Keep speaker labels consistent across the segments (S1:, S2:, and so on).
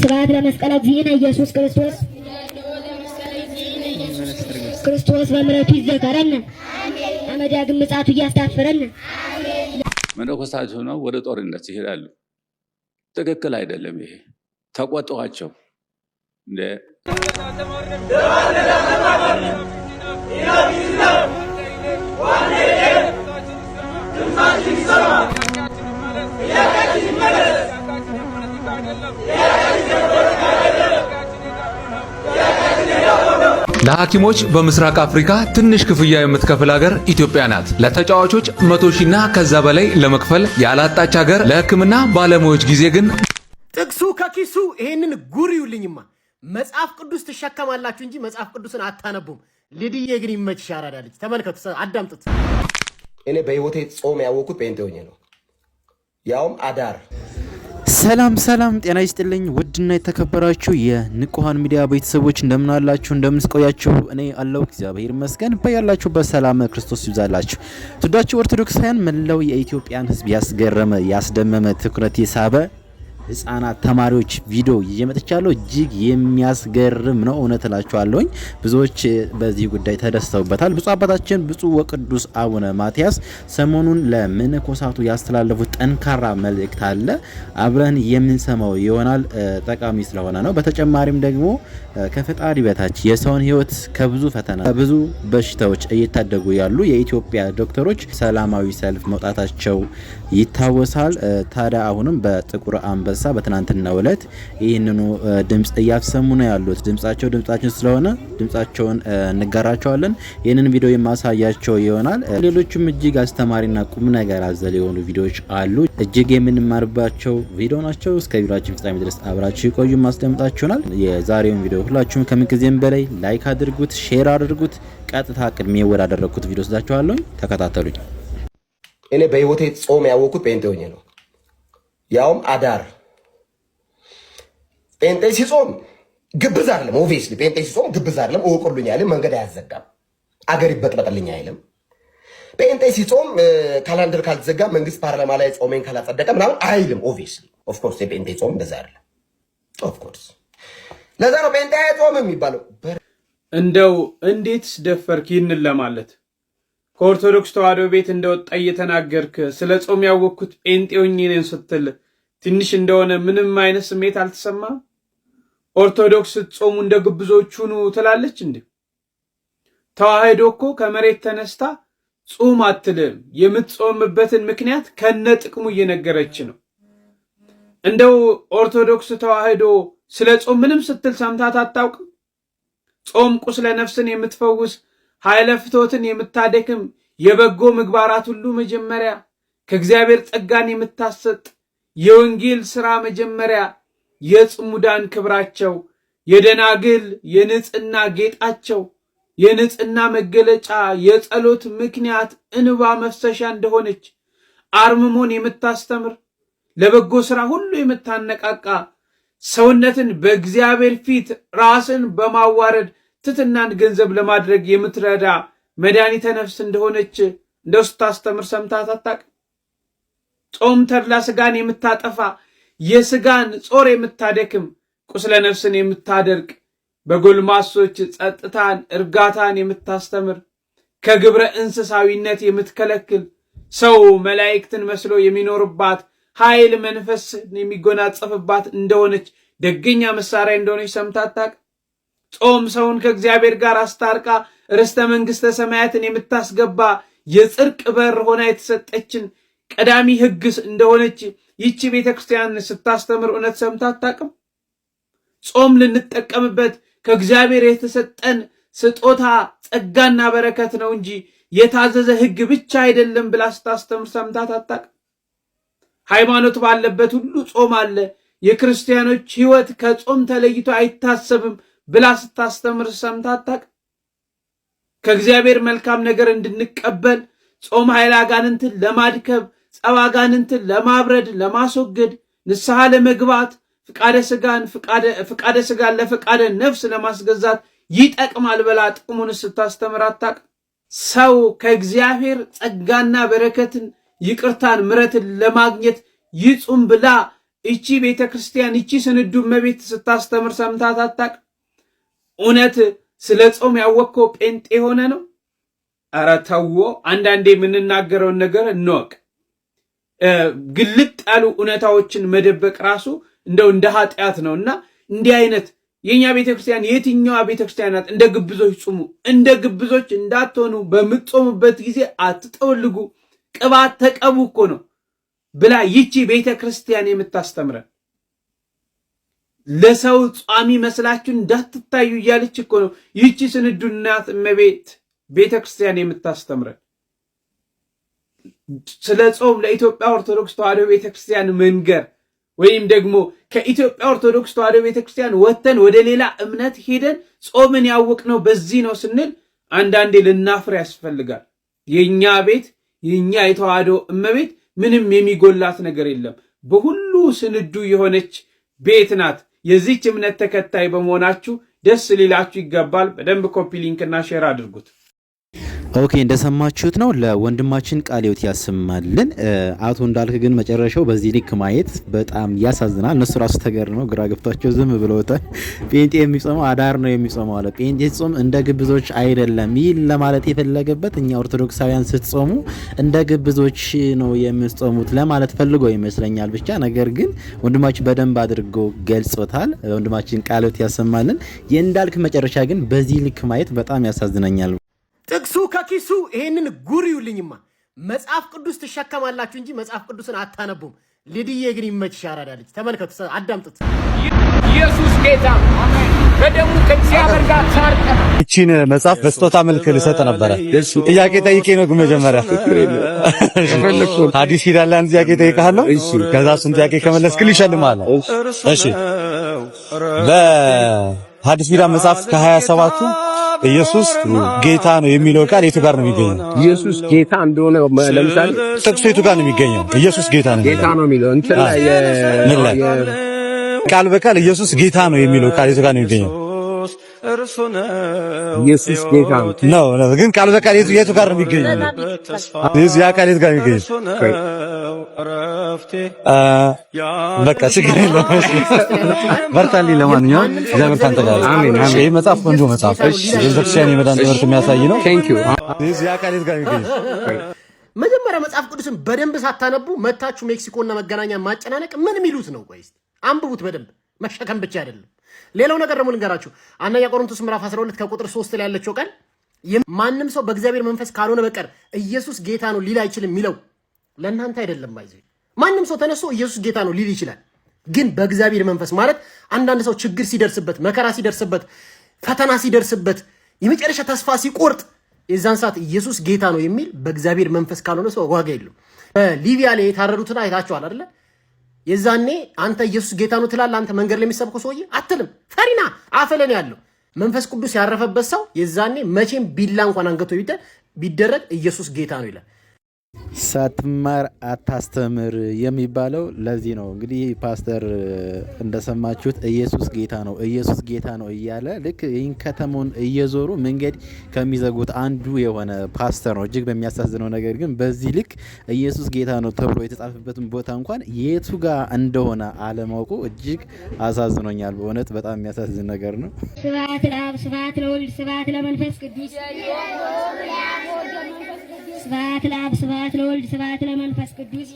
S1: ስብሐት ለመስቀል እግዚእነ ኢየሱስ ክርስቶስ ክርስቶስ በምሕረቱ ይዘከረን አመዳግም ምጻቱ እያስታፍረን።
S2: መነኮሳት ሆነው ወደ ጦርነት ይሄዳሉ። ትክክል አይደለም። ይሄ ተቆጥኋቸው እንደ
S3: ለሐኪሞች በምስራቅ አፍሪካ ትንሽ ክፍያ የምትከፍል ሀገር ኢትዮጵያ ናት። ለተጫዋቾች መቶ ሺና ከዛ በላይ ለመክፈል ያላጣች ሀገር፣ ለሕክምና ባለሙያዎች ጊዜ ግን
S4: ጥቅሱ ከኪሱ ይሄንን ጉርዩልኝማ መጽሐፍ ቅዱስ ትሸከማላችሁ እንጂ መጽሐፍ ቅዱስን አታነቡም። ልድዬ ግን ይመች አራዳ ተመልከቱ፣ አዳምጡት።
S2: እኔ በህይወቴ ጾም ያወቅኩት ጴንጤ ሆኜ ነው፣ ያውም አዳር
S5: ሰላም ሰላም፣ ጤና ይስጥልኝ ውድና የተከበራችሁ የንቁሃን ሚዲያ ቤተሰቦች እንደምን አላችሁ? እንደምን ስቆያችሁ? እኔ አለው እግዚአብሔር ይመስገን። በያላችሁበት በሰላም ክርስቶስ ይብዛላችሁ። ትዳችሁ ኦርቶዶክሳውያን መላው የኢትዮጵያን ሕዝብ ያስገረመ ያስደመመ ትኩረት የሳበ ህጻናት ተማሪዎች ቪዲዮ እየመጥቻለሁ። እጅግ የሚያስገርም ነው፣ እውነት እላችኋለሁኝ። ብዙዎች በዚህ ጉዳይ ተደስተውበታል። ብፁዕ አባታችን ብፁዕ ወቅዱስ አቡነ ማትያስ ሰሞኑን ለመነኮሳቱ ያስተላለፉት ጠንካራ መልእክት አለ። አብረን የምንሰማው ይሆናል። ጠቃሚ ስለሆነ ነው። በተጨማሪም ደግሞ ከፈጣሪ በታች የሰውን ህይወት ከብዙ ፈተና ከብዙ በሽታዎች እየታደጉ ያሉ የኢትዮጵያ ዶክተሮች ሰላማዊ ሰልፍ መውጣታቸው ይታወሳል። ታዲያ አሁንም በጥቁር አንበሳ የተነሳ በትናንትና ዕለት ይህንኑ ድምፅ እያሰሙ ነው ያሉት። ድምፃቸው ድምፃችን ስለሆነ ድምፃቸውን እንጋራቸዋለን። ይህንን ቪዲዮ የማሳያቸው ይሆናል። ሌሎችም እጅግ አስተማሪና ቁም ነገር አዘል የሆኑ ቪዲዮዎች አሉ። እጅግ የምንማርባቸው ቪዲዮ ናቸው። እስከ ቪዲዮችን ፍጻሜ ድረስ አብራችሁ ይቆዩ። ማስደምጣችሁናል። የዛሬውን ቪዲዮ ሁላችሁም ከምንጊዜም በላይ ላይክ አድርጉት፣ ሼር አድርጉት። ቀጥታ ቅድሜ ወዳደረግኩት ቪዲዮ ስዳችኋለሁኝ። ተከታተሉኝ።
S2: እኔ በህይወቴ ጾም ያወቅኩት ጴንጤ ሆኜ ነው፣ ያውም አዳር ጴንጤ ሲጾም ግብዝ አይደለም። ኦቪየስሊ ጴንጤ ሲጾም ግብዝ አይደለም። እወቁልኝ አይልም። መንገድ አያዘጋም። አገር ይበጥበጥልኝ አይልም። ጴንጤ ሲጾም ካላንደር ካልተዘጋ መንግስት ፓርላማ ላይ ጾሜን ካላጸደቀ ምናምን አይልም። ኦቪየስሊ ኦፍኮርስ የጴንጤ ጾም እንደዛ አይደለም። ኦፍኮርስ ለዛ ነው ጴንጤ ጾም የሚባለው።
S6: እንደው እንዴት ደፈርክ ይህንን ለማለት ከኦርቶዶክስ ተዋሕዶ ቤት እንደወጣ እየተናገርክ ስለ ጾም ያወቅኩት ጴንጤ ሆኜ ነኝ ስትል ትንሽ እንደሆነ ምንም አይነት ስሜት አልተሰማም? ኦርቶዶክስ ስትጾሙ እንደ ግብዞች ትላለች እንዴ? ተዋህዶ እኮ ከመሬት ተነስታ ጾም አትልም። የምትጾምበትን ምክንያት ከነ ጥቅሙ እየነገረች ነው። እንደው ኦርቶዶክስ ተዋህዶ ስለ ጾም ምንም ስትል ሰምታት አታውቅም። ጾም ቁስለ ነፍስን የምትፈውስ ኃይለ ፍቶትን የምታደክም የበጎ ምግባራት ሁሉ መጀመሪያ ከእግዚአብሔር ጸጋን የምታሰጥ የወንጌል ሥራ መጀመሪያ የጽሙዳን ክብራቸው፣ የደናግል የንጽህና ጌጣቸው፣ የንጽህና መገለጫ፣ የጸሎት ምክንያት እንባ መፍሰሻ እንደሆነች አርምሞን የምታስተምር ለበጎ ሥራ ሁሉ የምታነቃቃ ሰውነትን በእግዚአብሔር ፊት ራስን በማዋረድ ትትናን ገንዘብ ለማድረግ የምትረዳ መድኃኒተ ነፍስ እንደሆነች እንደሱ ታስተምር ሰምታት አታውቅም። ጾም ተድላ ስጋን የምታጠፋ የስጋን ጾር የምታደክም ቁስለ ነፍስን የምታደርቅ በጎልማሶች ጸጥታን፣ እርጋታን የምታስተምር ከግብረ እንስሳዊነት የምትከለክል ሰው መላእክትን መስሎ የሚኖርባት ኃይል መንፈስን የሚጎናጸፍባት እንደሆነች ደገኛ መሳሪያ እንደሆነች ሰምታታቅ ጾም ሰውን ከእግዚአብሔር ጋር አስታርቃ ርስተ መንግሥተ ሰማያትን የምታስገባ የጽርቅ በር ሆና የተሰጠችን ቀዳሚ ሕግስ እንደሆነች ይቺ ቤተ ክርስቲያን ስታስተምር እውነት ሰምታ አታውቅም። ጾም ልንጠቀምበት ከእግዚአብሔር የተሰጠን ስጦታ ጸጋና በረከት ነው እንጂ የታዘዘ ሕግ ብቻ አይደለም ብላ ስታስተምር ሰምታት አታውቅም። ሃይማኖት ባለበት ሁሉ ጾም አለ፣ የክርስቲያኖች ሕይወት ከጾም ተለይቶ አይታሰብም ብላ ስታስተምር ሰምታ አታውቅም። ከእግዚአብሔር መልካም ነገር እንድንቀበል ጾም ኃይለ አጋንንትን ለማድከብ ጸባጋንንትን ለማብረድ ለማስወገድ ንስሐ ለመግባት ፍቃደ ስጋን ፍቃደ ስጋን ለፍቃደ ነፍስ ለማስገዛት ይጠቅማል ብላ ጥቅሙን ስታስተምር አታቅ። ሰው ከእግዚአብሔር ጸጋና በረከትን ይቅርታን ምረትን ለማግኘት ይጹም ብላ እቺ ቤተ ክርስቲያን እቺ ስንዱ መቤት ስታስተምር ሰምታት አታቅ። እውነት ስለ ጾም ያወቅከው ጴንጤ የሆነ ነው? ኧረ ተዎ አንዳንዴ የምንናገረውን ነገር እንወቅ። ግልጥ ያሉ እውነታዎችን መደበቅ ራሱ እንደው እንደ ኃጢአት ነው እና እንዲህ አይነት የእኛ ቤተክርስቲያን የትኛዋ ቤተክርስቲያን ናት? እንደ ግብዞች ጹሙ። እንደ ግብዞች እንዳትሆኑ በምትጾሙበት ጊዜ አትጠወልጉ፣ ቅባት ተቀቡ እኮ ነው ብላ ይቺ ቤተክርስቲያን የምታስተምረን ለሰው ጿሚ መስላችሁ እንዳትታዩ እያለች እኮ ነው ይቺ ስንዱናት እመቤት ቤተክርስቲያን የምታስተምረን። ስለ ጾም ለኢትዮጵያ ኦርቶዶክስ ተዋሕዶ ቤተክርስቲያን መንገር ወይም ደግሞ ከኢትዮጵያ ኦርቶዶክስ ተዋሕዶ ቤተክርስቲያን ወጥተን ወደ ሌላ እምነት ሄደን ጾምን ያወቅነው በዚህ ነው ስንል አንዳንዴ ልናፍር ያስፈልጋል። የእኛ ቤት የእኛ የተዋሕዶ እመቤት ምንም የሚጎላት ነገር የለም። በሁሉ ስንዱ የሆነች ቤት ናት። የዚች እምነት ተከታይ በመሆናችሁ ደስ ሊላችሁ ይገባል። በደንብ ኮፒ ሊንክና ሼር አድርጉት።
S5: ኦኬ እንደሰማችሁት ነው። ለወንድማችን ቃለ ሕይወት ያሰማልን። አቶ እንዳልክ ግን መጨረሻው በዚህ ልክ ማየት በጣም ያሳዝናል። እነሱ ራሱ ተገር ነው ግራ ገብቷቸው ዝም ብለውታል። ጴንጤ የሚጾመው አዳር ነው የሚጾመው አለ። ጴንጤ ጾም እንደ ግብዞች አይደለም። ይል ለማለት የፈለገበት እኛ ኦርቶዶክሳውያን ስትጾሙ እንደ ግብዞች ነው የምትጾሙት ለማለት ፈልጎ ይመስለኛል። ብቻ ነገር ግን ወንድማችን በደንብ አድርጎ ገልጾታል። ወንድማችን ቃለ ሕይወት ያሰማልን። የእንዳልክ መጨረሻ ግን በዚህ ልክ ማየት በጣም ያሳዝነኛል።
S4: ጥቅሱ ከኪሱ ይሄንን ጉር ይውልኝማ መጽሐፍ ቅዱስ ትሸከማላችሁ እንጂ መጽሐፍ ቅዱስን አታነቡም። ልድዬ ግን ይመችሽ፣ አራዳ ልጅ ተመልከቱ፣ አዳምጡት። ኢየሱስ ጌታ
S7: በደሙ ከእግዚአብሔር ጋር ታርቀ እቺን መጽሐፍ በስጦታ መልክ ልሰጥ ነበረ። ጥያቄ ጠይቄ ነው መጀመሪያ ሐዲስ ኪዳን ላይ ጥያቄ ጠይቀሃል ነው። ከዛ እሱን ጥያቄ ከመለስክልኝ እሸልምሃለሁ። እሺ በሐዲስ ኪዳን መጽሐፍ ከሀያ ሰባቱ ኢየሱስ ጌታ ነው የሚለው ቃል የቱ ጋር ነው የሚገኘው?
S8: ኢየሱስ ጌታ እንደሆነ ለምሳሌ
S7: ጥቅሱ የቱ ጋር ነው የሚገኘው? ኢየሱስ ጌታ ነው
S8: ጌታ ነው የሚለው እንትን ላይ
S7: ቃል በቃል ኢየሱስ ጌታ ነው የሚለው ቃል የቱ ጋር ነው የሚገኘው?
S8: እርሱ ነው ኢየሱስ ጌታ
S7: ነው ነው። ግን የቱ ጋር ነው ጋር በቃ ችግር የለውም። በርታልኝ። ለማንኛውም እግዚአብሔር ካንተ ጋር። አሜን አሜን። መጽሐፍ ቆንጆ መጽሐፍ፣ እሺ የቤተክርስቲያን የመዳን ትምህርት የሚያሳይ ነው።
S8: ቴንክ ዩ።
S4: መጀመሪያ መጽሐፍ ቅዱስን በደንብ ሳታነቡ መታችሁ ሜክሲኮና መገናኛ ማጨናነቅ ምን የሚሉት ነው? ቆይ አንብቡት በደንብ መሸከም ብቻ አይደለም። ሌላው ነገር ደግሞ ልንገራችሁ፣ አንደኛ ቆሮንቶስ ምዕራፍ 12 ከቁጥር 3 ላይ ያለችው ቃል ማንም ሰው በእግዚአብሔር መንፈስ ካልሆነ በቀር ኢየሱስ ጌታ ነው ሊል አይችልም የሚለው ለእናንተ አይደለም። ባይዘ ማንም ሰው ተነስቶ ኢየሱስ ጌታ ነው ሊል ይችላል፣ ግን በእግዚአብሔር መንፈስ ማለት አንዳንድ ሰው ችግር ሲደርስበት፣ መከራ ሲደርስበት፣ ፈተና ሲደርስበት፣ የመጨረሻ ተስፋ ሲቆርጥ የዛን ሰዓት ኢየሱስ ጌታ ነው የሚል በእግዚአብሔር መንፈስ ካልሆነ ሰው ዋጋ የለም። በሊቢያ ላይ የታረዱትን አይታችኋል አይደለ? የዛኔ አንተ ኢየሱስ ጌታ ነው ትላለህ። አንተ መንገድ ላይ የሚሰብከው ሰውዬ አትልም። ፈሪና አፈለን ያለው መንፈስ ቅዱስ ያረፈበት ሰው የዛኔ መቼም ቢላ እንኳን አንገቶ ቢደረግ ኢየሱስ ጌታ ነው ይላል።
S5: ሳትማር አታስተምር የሚባለው ለዚህ ነው። እንግዲህ ፓስተር እንደሰማችሁት ኢየሱስ ጌታ ነው ኢየሱስ ጌታ ነው እያለ ልክ ይህን ከተማውን እየዞሩ መንገድ ከሚዘጉት አንዱ የሆነ ፓስተር ነው። እጅግ በሚያሳዝነው ነገር ግን በዚህ ልክ ኢየሱስ ጌታ ነው ተብሎ የተጻፈበትን ቦታ እንኳን የቱ ጋር እንደሆነ አለማውቁ እጅግ አሳዝኖኛል። በእውነት በጣም የሚያሳዝን ነገር ነው።
S1: ስብሐት ለአብ፣ ስብሐት ለወልድ፣ ስብሐት ለመንፈስ ቅዱስ ስብሐት ለአብ ስብሐት ለወልድ ስብሐት ለመንፈስ ቅዱስ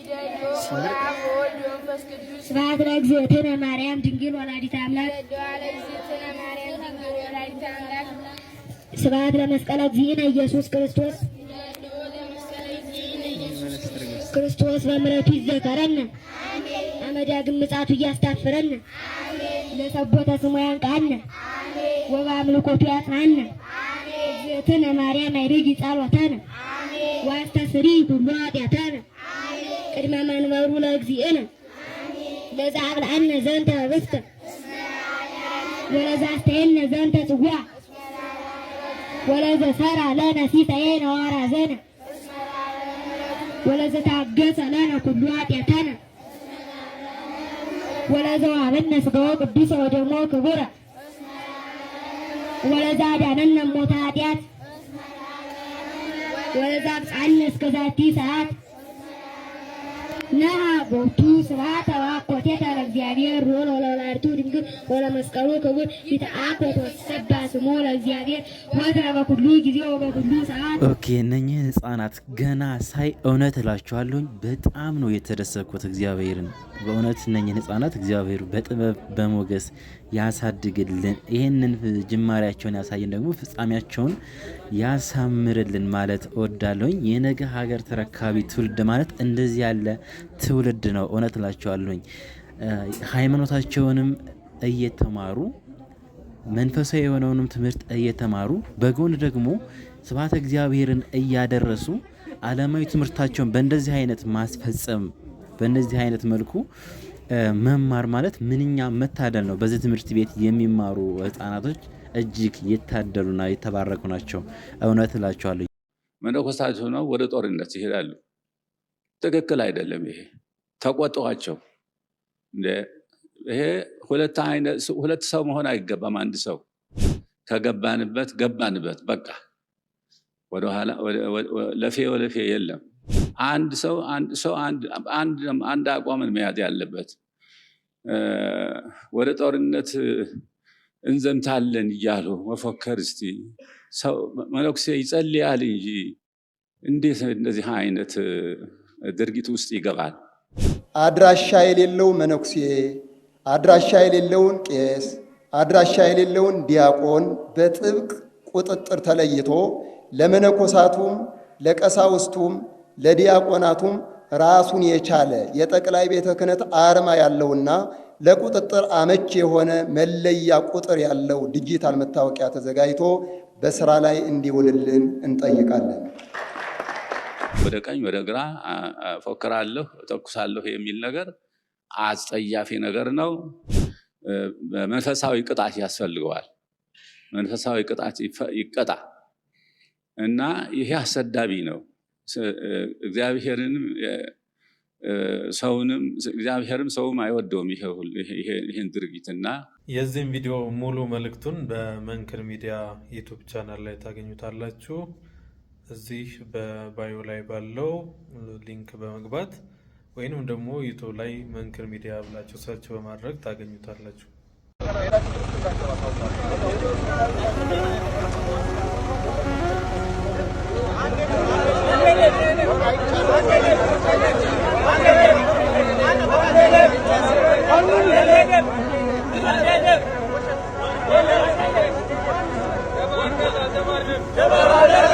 S1: ስብሐት ለእግዝእትነ ማርያም ድንግል ወላዲተ አምላክ ስብሐት ለመስቀለ እግዚእነ ኢየሱስ ክርስቶስ ክርስቶስ በምሕረቱ ይዘከረን አመዳግም ምጻቱ እያስታፍረን ለሰቦተ ስሙ ያንቃን ወበአምልኮቱ ያጽናን እግዝእትነ ማርያም አይደጊ ጸሎተነ ዋስተስሪ ኩሉ ኃጢአተነ ቅድመ መንበሩ ለእግዚእነ ለዘአብልዐነ ዘንተ ኅብስተ ወለዘአስተየነ ዘንተ ጽዋ ወለዘሠራ ለነ ሲሳየነ ወራዘነ ወለዘታገሰ ለነ ኩሉ ኃጢአተነ ወለዘዋሃበነ ሥጋሁ ቅዱሰ ወደሙ ክቡረ ወለዘአዳነነ እሙተ ኃጢአት ወዛ ብፅዓነ እስከ ዛቲ ሰዓት ነሃ ቦቱ ስብሐተ ወኮቴታ ለእግዚአብሔር ሮል ወለወላዲቱ ድንግል ወለመስቀሉ ክቡር ይትአኮት ወሰባ ስሙ ለእግዚአብሔር ወትረ በኩሉ ጊዜ በኩሉ ሰዓት።
S5: ኦኬ እነኚህ ህጻናት ገና ሳይ እውነት እላችኋለሁኝ በጣም ነው የተደሰኩት እግዚአብሔርን። በእውነት እነኚህን ህጻናት እግዚአብሔር በጥበብ በሞገስ ያሳድግልን፣ ይህንን ጅማሬያቸውን ያሳየን፣ ደግሞ ፍጻሜያቸውን ያሳምርልን ማለት እወዳለሁኝ። የነገ ሀገር ተረካቢ ትውልድ ማለት እንደዚህ ያለ ትውልድ ነው። እውነት እላቸዋለሁኝ። ሃይማኖታቸውንም እየተማሩ መንፈሳዊ የሆነውንም ትምህርት እየተማሩ በጎን ደግሞ ስብሐተ እግዚአብሔርን እያደረሱ ዓለማዊ ትምህርታቸውን በእንደዚህ አይነት ማስፈጸም በእንደዚህ አይነት መልኩ መማር ማለት ምንኛ መታደል ነው። በዚህ ትምህርት ቤት የሚማሩ ህጻናቶች እጅግ የታደሉና የተባረኩ ናቸው። እውነት እላቸዋለሁ።
S2: መነኮሳት ሆነው ወደ ጦርነት ይሄዳሉ። ትክክል አይደለም። ይሄ ተቆጥኋቸው። ይሄ ሁለት ሰው መሆን አይገባም። አንድ ሰው ከገባንበት ገባንበት፣ በቃ ለፌ ወለፌ የለም። አንድ ሰው አንድ አቋምን መያዝ ያለበት ወደ ጦርነት እንዘምታለን እያሉ መፎከር እስቲ መነኩሴ ይጸልያል እንጂ እንዴት እንደዚህ አይነት ድርጊት ውስጥ ይገባል?
S9: አድራሻ የሌለው መነኩሴ፣ አድራሻ የሌለውን ቄስ፣ አድራሻ የሌለውን ዲያቆን በጥብቅ ቁጥጥር ተለይቶ ለመነኮሳቱም ለቀሳውስቱም ለዲያቆናቱም ራሱን የቻለ የጠቅላይ ቤተ ክህነት አርማ ያለውና ለቁጥጥር አመች የሆነ መለያ ቁጥር ያለው ዲጂታል መታወቂያ ተዘጋጅቶ በስራ ላይ እንዲውልልን እንጠይቃለን።
S2: ወደ ቀኝ ወደ ግራ ፎክራለሁ፣ ተኩሳለሁ የሚል ነገር አጸያፊ ነገር ነው። መንፈሳዊ ቅጣት ያስፈልገዋል። መንፈሳዊ ቅጣት ይቀጣ እና ይሄ አሰዳቢ ነው። እግዚአብሔርንም ሰውንም እግዚአብሔርም ሰውም አይወደውም ይህን ድርጊትና
S10: የዚህም ቪዲዮ ሙሉ መልእክቱን በመንክር ሚዲያ ዩቱብ ቻናል ላይ ታገኙታላችሁ። እዚህ በባዮ ላይ ባለው ሊንክ በመግባት ወይንም ደግሞ ዩቱብ ላይ መንክር ሚዲያ ብላችሁ ሰርች በማድረግ ታገኙታላችሁ። Alle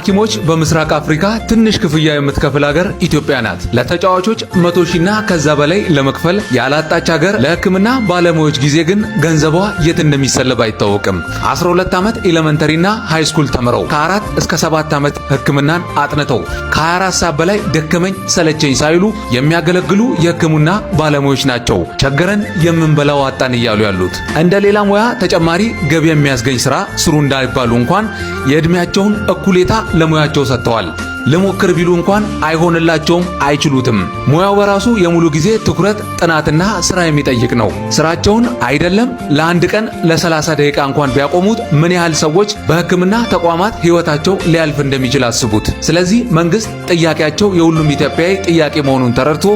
S3: ለሐኪሞች በምስራቅ አፍሪካ ትንሽ ክፍያ የምትከፍል ሀገር ኢትዮጵያ ናት። ለተጫዋቾች መቶ ሺና ከዛ በላይ ለመክፈል ያላጣች ሀገር ለህክምና ባለሙያዎች ጊዜ ግን ገንዘቧ የት እንደሚሰለብ አይታወቅም። 12 ዓመት ኤሌመንተሪና ሃይስኩል ተምረው ከአራት እስከ ሰባት ዓመት ህክምናን አጥንተው ከ24 ሰዓት በላይ ደከመኝ ሰለቸኝ ሳይሉ የሚያገለግሉ የህክምና ባለሙያዎች ናቸው። ቸገረን የምንበላው አጣን እያሉ ያሉት እንደ ሌላ ሙያ ተጨማሪ ገቢ የሚያስገኝ ስራ ስሩ እንዳይባሉ እንኳን የዕድሜያቸውን እኩሌታ ለሙያቸው ሰጥተዋል። ልሞክር ቢሉ እንኳን አይሆንላቸውም፣ አይችሉትም። ሙያው በራሱ የሙሉ ጊዜ ትኩረት፣ ጥናትና ስራ የሚጠይቅ ነው። ስራቸውን አይደለም ለአንድ ቀን ለ30 ደቂቃ እንኳን ቢያቆሙት ምን ያህል ሰዎች በሕክምና ተቋማት ህይወታቸው ሊያልፍ እንደሚችል አስቡት። ስለዚህ መንግስት ጥያቄያቸው የሁሉም ኢትዮጵያዊ ጥያቄ መሆኑን ተረድቶ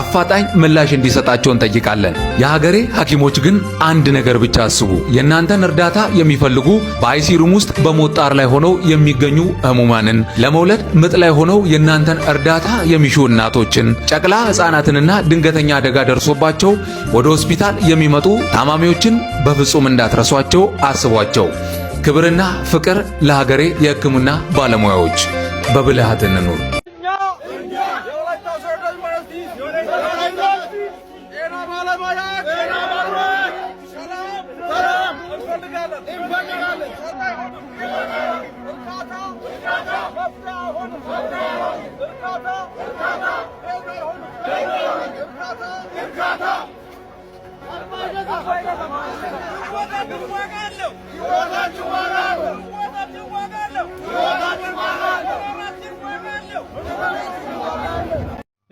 S3: አፋጣኝ ምላሽ እንዲሰጣቸው እንጠይቃለን። የሀገሬ ሐኪሞች ግን አንድ ነገር ብቻ አስቡ። የእናንተን እርዳታ የሚፈልጉ በአይሲሩም ውስጥ በሞት ጣር ላይ ሆነው የሚገኙ ህሙማንን ለመውለድ ምጥ ላይ ሆነው የእናንተን እርዳታ የሚሹ እናቶችን፣ ጨቅላ ሕፃናትንና ድንገተኛ አደጋ ደርሶባቸው ወደ ሆስፒታል የሚመጡ ታማሚዎችን በፍጹም እንዳትረሷቸው አስቧቸው። ክብርና ፍቅር ለሀገሬ የሕክምና ባለሙያዎች። በብልሃት እንኑር። እንፈልጋለን።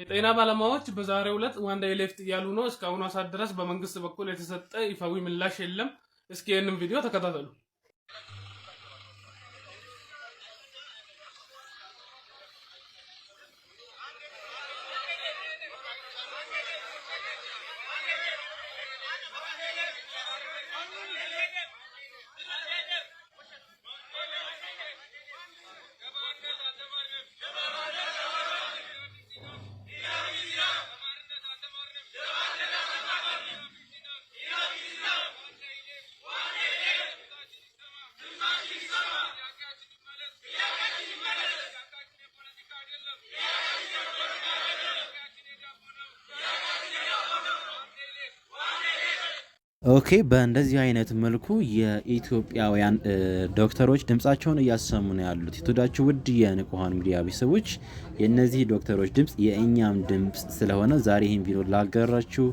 S3: የጤና ባለሙያዎች በዛሬው ዕለት ዋንዳ ኤሌፍት እያሉ ነው። እስካሁኗ ሰዓት ድረስ በመንግስት በኩል የተሰጠ ይፋዊ ምላሽ የለም። እስኪ ይህንም ቪዲዮ ተከታተሉ።
S5: ኦኬ በእንደዚህ አይነት መልኩ የኢትዮጵያውያን ዶክተሮች ድምጻቸውን እያሰሙ ነው ያሉት። የተወዳችሁ ውድ የንቁሃን ሚዲያ ቤተሰቦች የእነዚህ ዶክተሮች ድምፅ የእኛም ድምፅ ስለሆነ ዛሬ ይህን ቪዲዮ ላጋራችሁ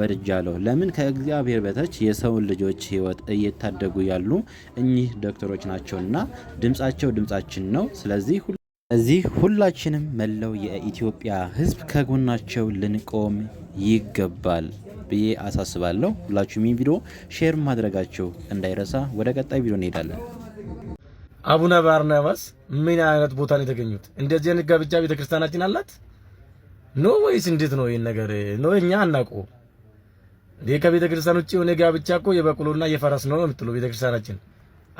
S5: ወድጃለሁ። ለምን ከእግዚአብሔር በታች የሰውን ልጆች ህይወት እየታደጉ ያሉ እኚህ ዶክተሮች ናቸውና ድምጻቸው ድምጻችን ነው። ስለዚህ እዚህ ሁላችንም መለው የኢትዮጵያ ህዝብ ከጎናቸው ልንቆም ይገባል። ብዬ አሳስባለሁ። ሁላችሁም ይህ ቪዲዮ ሼር ማድረጋቸው እንዳይረሳ። ወደ ቀጣይ ቪዲዮ እንሄዳለን።
S6: አቡነ ባርናባስ ምን አይነት ቦታ ነው የተገኙት? እንደዚህ አይነት ጋብቻ ቤተክርስቲያናችን አላት ኖ ወይስ እንዴት ነው ይህን ነገር? ኖ እኛ አናውቁ ይህ ከቤተክርስቲያን ውጭ የሆነ ጋብቻ እኮ የበቅሎና የፈረስ ነው የምትለው ቤተክርስቲያናችን።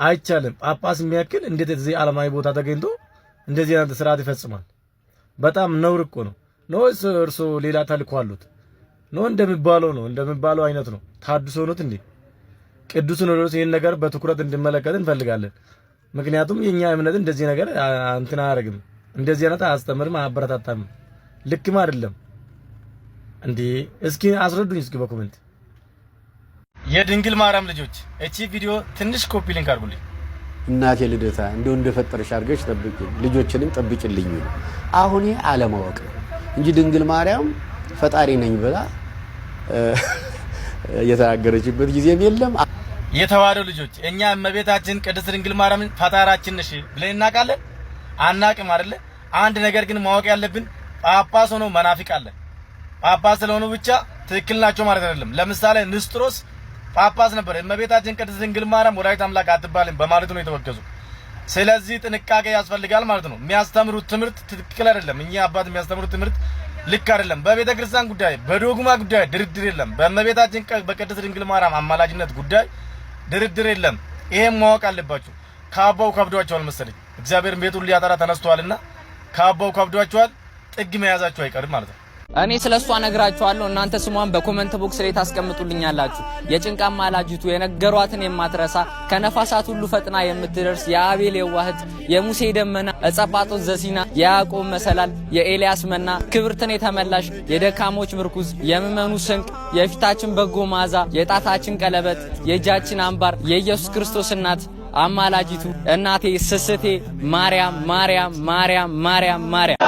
S6: አይቻልም። ጳጳስ የሚያክል እንዴት እዚህ ዓለማዊ ቦታ ተገኝቶ እንደዚህ አይነት ስርዓት ይፈጽማል? በጣም ነውር እኮ ነው። ኖ እርሶ ሌላ ተልኮ አሉት። ነው እንደሚባለው ነው እንደሚባለው አይነት ነው ታድሶ ነው እንዴ ቅዱስ ሲኖዶስ ይህን ነገር በትኩረት እንድመለከት እንፈልጋለን። ምክንያቱም የኛ እምነት እንደዚህ ነገር እንትን አያደርግም፣ እንደዚህ አይነት አያስተምርም፣ አያበረታታም፣ ልክም አይደለም። እንዴ እስኪ አስረዱኝ፣ እስኪ በኮሜንት የድንግል ማርያም ልጆች እቺ ቪዲዮ ትንሽ ኮፒ ሊንክ አድርጉልኝ።
S8: እናቴ ልደታ እንደው እንደፈጠረሽ አድርገሽ ጠብቂ፣ ልጆችንም ጠብቂልኝ። አሁን ይሄ አለማወቅ እንጂ ድንግል ማርያም ፈጣሪ ነኝ ብላ የተናገረችበት ጊዜም የለም።
S6: የተዋሕዶ ልጆች እኛ እመቤታችን ቅድስት ድንግል ማርያም ፈጣራችን ነሽ ብለን እናውቃለን አናቅም አይደለ? አንድ ነገር ግን ማወቅ ያለብን ጳጳስ ሆኖ መናፍቅ አለ። ጳጳስ ስለሆኑ ብቻ ትክክል ናቸው ማለት አይደለም። ለምሳሌ ንስጥሮስ ጳጳስ ነበር። እመቤታችን ቅድስት ድንግል ማርያም ወላዲተ አምላክ አትባልም በማለት ነው የተወገዙ። ስለዚህ ጥንቃቄ ያስፈልጋል ማለት ነው። የሚያስተምሩት ትምህርት ትክክል አይደለም። እኛ አባት የሚያስተምሩት ትምህርት ልክ አይደለም። በቤተ ክርስቲያን ጉዳይ፣ በዶግማ ጉዳይ ድርድር የለም። በእመቤታችን በቅድስት ድንግል ማርያም አማላጅነት ጉዳይ ድርድር የለም። ይሄም ማወቅ አለባችሁ። ከአባው ከብዷቸዋል መሰለኝ እግዚአብሔር ቤቱን ሊያጠራ ተነስተዋልና ከአባው ከብዷቸዋል። ጥግ መያዛቸው አይቀርም ማለት ነው።
S5: እኔ ስለ እሷ ነግራችኋለሁ። እናንተ ስሟን በኮመንት ቦክስ ላይ ታስቀምጡልኛላችሁ። የጭንቃማ ላጅቱ የነገሯትን የማትረሳ ከነፋሳት ሁሉ ፈጥና የምትደርስ የአቤል የዋህት የሙሴ ደመና እጸጳጦት ዘሲና የያዕቆብ መሰላል የኤልያስ መና ክብርትን የተመላሽ የደካሞች ምርኩዝ የምመኑ ስንቅ የፊታችን በጎ መዓዛ የጣታችን ቀለበት የእጃችን አምባር የኢየሱስ ክርስቶስ እናት አማላጅቱ እናቴ ስስቴ ማርያም ማርያም ማርያም ማርያም ማርያም